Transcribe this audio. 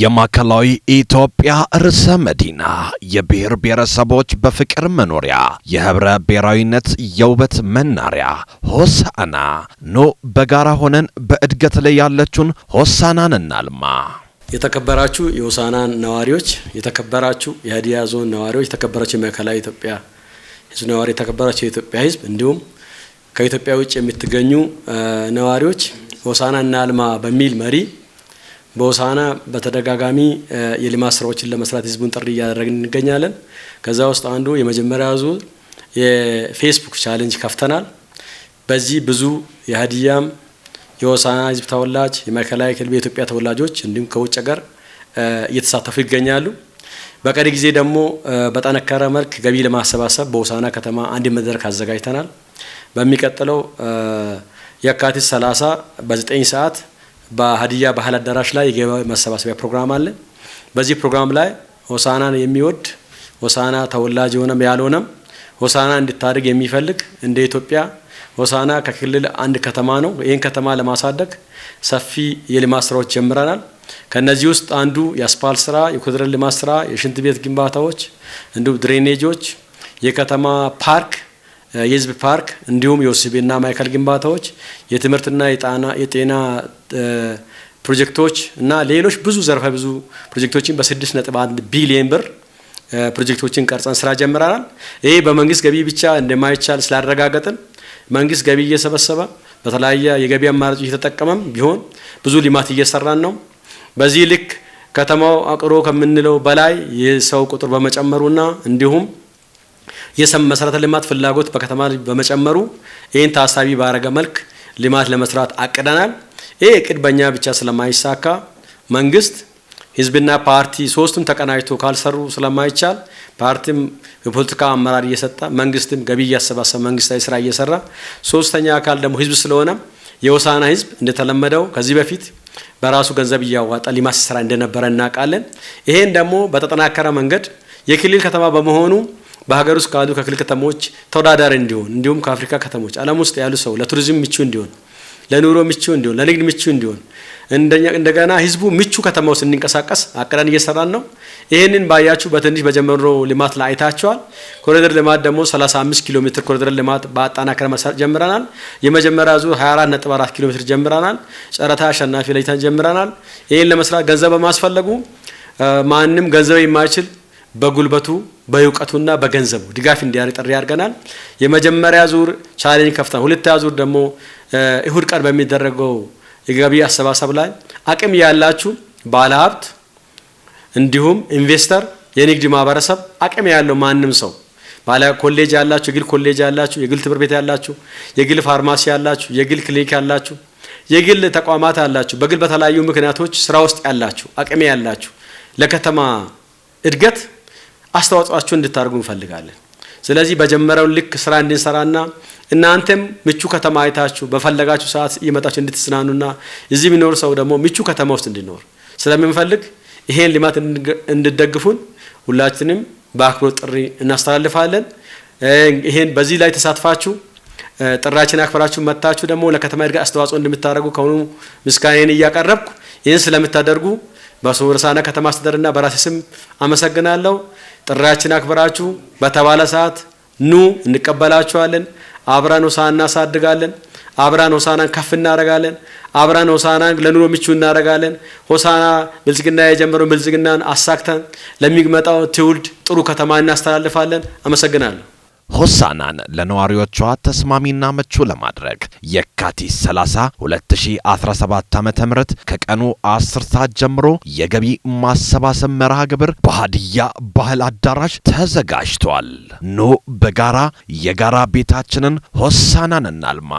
የማዕከላዊ ኢትዮጵያ ርዕሰ መዲና የብሔር ብሔረሰቦች በፍቅር መኖሪያ የህብረ ብሔራዊነት የውበት መናሪያ ሆሳና ኖ በጋራ ሆነን በእድገት ላይ ያለችውን ሆሳናን እናልማ። የተከበራችሁ የሆሳና ነዋሪዎች፣ የተከበራችሁ የሀዲያ ዞን ነዋሪዎች፣ የተከበራችሁ የማዕከላዊ ኢትዮጵያ ህዝብ ነዋሪ፣ የተከበራችሁ የኢትዮጵያ ህዝብ እንዲሁም ከኢትዮጵያ ውጭ የምትገኙ ነዋሪዎች ሆሳና እናልማ በሚል መሪ በሆሳና በተደጋጋሚ የልማት ስራዎችን ለመስራት ህዝቡን ጥሪ እያደረግን እንገኛለን። ከዛ ውስጥ አንዱ የመጀመሪያ ዙር የፌስቡክ ቻሌንጅ ከፍተናል። በዚህ ብዙ የሀዲያም የሆሳና ህዝብ ተወላጅ የማዕከላዊ ክልል የኢትዮጵያ ተወላጆች እንዲሁም ከውጭ ሀገር እየተሳተፉ ይገኛሉ። በቀሪ ጊዜ ደግሞ በጠነከረ መልክ ገቢ ለማሰባሰብ በሆሳና ከተማ አንድ መድረክ አዘጋጅተናል። በሚቀጥለው የካቲት 30 በ9 ሰዓት በሀዲያ ባህል አዳራሽ ላይ የገበያ መሰባሰቢያ ፕሮግራም አለ። በዚህ ፕሮግራም ላይ ሆሳናን የሚወድ ሆሳና ተወላጅ የሆነም ያልሆነም ሆሳና እንድታድግ የሚፈልግ እንደ ኢትዮጵያ ሆሳና ከክልል አንድ ከተማ ነው። ይህን ከተማ ለማሳደግ ሰፊ የልማት ስራዎች ጀምረናል። ከነዚህ ውስጥ አንዱ የአስፓልት ስራ፣ የኮሪደር ልማት ስራ፣ የሽንት ቤት ግንባታዎች እንዲሁም ድሬኔጆች፣ የከተማ ፓርክ የህዝብ ፓርክ እንዲሁም የወሲቤና ማዕከል ግንባታዎች፣ የትምህርትና የጤና ፕሮጀክቶች እና ሌሎች ብዙ ዘርፈ ብዙ ፕሮጀክቶችን በስድስት ነጥብ አንድ ቢሊየን ብር ፕሮጀክቶችን ቀርጸን ስራ ጀምረናል። ይሄ በመንግስት ገቢ ብቻ እንደማይቻል ስላረጋገጥን መንግስት ገቢ እየሰበሰበ በተለያየ የገቢ አማራጭ እየተጠቀመም ቢሆን ብዙ ልማት እየሰራን ነው። በዚህ ልክ ከተማው አቅሮ ከምንለው በላይ የሰው ቁጥር በመጨመሩና እንዲሁም የመሰረተ ልማት ፍላጎት በከተማ በመጨመሩ ይህን ታሳቢ ባረገ መልክ ልማት ለመስራት አቅደናል። ይህ እቅድ በእኛ ብቻ ስለማይሳካ መንግስት፣ ህዝብና ፓርቲ ሶስቱም ተቀናጅቶ ካልሰሩ ስለማይቻል ፓርቲም የፖለቲካ አመራር እየሰጠ መንግስትም ገቢ እያሰባሰበ መንግስታዊ ስራ እየሰራ ሶስተኛ አካል ደግሞ ህዝብ ስለሆነ የወሳና ህዝብ እንደተለመደው ከዚህ በፊት በራሱ ገንዘብ እያዋጣ ሊማስ ስራ እንደነበረ እናውቃለን። ይሄን ደግሞ በተጠናከረ መንገድ የክልል ከተማ በመሆኑ በሀገር ውስጥ ካሉ ከክልል ከተሞች ተወዳዳሪ እንዲሆን እንዲሁም ከአፍሪካ ከተሞች ዓለም ውስጥ ያሉ ሰው ለቱሪዝም ምቹ እንዲሆን፣ ለኑሮ ምቹ እንዲሆን፣ ለንግድ ምቹ እንዲሆን እንደገና ህዝቡ ምቹ ከተማ ውስጥ እንዲንቀሳቀስ አቅደን እየሰራን ነው። ይህንን ባያችሁ በትንሽ በጀመሮ ልማት ላይ አይታችኋል። ኮሪደር ልማት ደግሞ 35 ኪሎ ሜትር ኮሪደር ልማት በአጠናክረን መስራት ጀምረናል። የመጀመሪያ ዙር 24.4 ኪሎ ሜትር ጀምረናል። ጨረታ አሸናፊ ለይተን ጀምረናል። ይህን ለመስራት ገንዘብ በማስፈለጉ ማንም ገንዘብ የማይችል በጉልበቱ በእውቀቱና በገንዘቡ ድጋፍ እንዲያደርግ ጥሪ ያርገናል። የመጀመሪያ ዙር ቻሌንጅ ከፍተናል። ሁለተኛ ዙር ደግሞ እሁድ ቀን በሚደረገው የገቢ አሰባሰብ ላይ አቅም ያላችሁ ባለሀብት፣ እንዲሁም ኢንቨስተር፣ የንግድ ማህበረሰብ አቅም ያለው ማንም ሰው ባለ ኮሌጅ ያላችሁ፣ የግል ኮሌጅ ያላችሁ፣ የግል ትምህርት ቤት ያላችሁ፣ የግል ፋርማሲ ያላችሁ፣ የግል ክሊኒክ ያላችሁ፣ የግል ተቋማት ያላችሁ፣ በግል በተለያዩ ምክንያቶች ስራ ውስጥ ያላችሁ አቅም ያላችሁ ለከተማ እድገት አስተዋጽኦአችሁ እንድታደርጉ እንፈልጋለን። ስለዚህ በጀመረው ልክ ስራ እንድንሰራና እናንተም ምቹ ከተማ አይታችሁ በፈለጋችሁ ሰዓት እየመጣችሁ እንድትዝናኑና እዚህ የሚኖር ሰው ደግሞ ምቹ ከተማ ውስጥ እንዲኖር ስለምንፈልግ ይሄን ልማት እንድደግፉን ሁላችንም በአክብሮት ጥሪ እናስተላልፋለን። ይሄን በዚህ ላይ ተሳትፋችሁ ጥራችን አክብራችሁ መታችሁ ደግሞ ለከተማ እድገት አስተዋጽኦ እንደምታደርጉ ከሆኑ ምስጋናዬን እያቀረብኩ ይህን ስለምታደርጉ በሆሳዕና ከተማ አስተዳደርና በራሴ ስም አመሰግናለሁ። ጥሪያችን አክብራችሁ በተባለ ሰዓት ኑ እንቀበላችኋለን። አብረን ሆሳዕና እናሳድጋለን። አብረን ሆሳዕናን ከፍ እናደርጋለን። አብረን ሆሳዕናን ለኑሮ ምቹ እናደርጋለን። ሆሳዕና ብልጽግና የጀመረውን ብልጽግናን አሳክተን ለሚመጣው ትውልድ ጥሩ ከተማ እናስተላልፋለን። አመሰግናለሁ። ሆሳናን ለነዋሪዎቿ ተስማሚና ምቹ ለማድረግ የካቲት 30 2017 ዓ.ም ከቀኑ 10 ሰዓት ጀምሮ የገቢ ማሰባሰብ መርሃ ግብር በሀዲያ ባህል አዳራሽ ተዘጋጅቷል። ኑ በጋራ የጋራ ቤታችንን ሆሳናን እናልማ።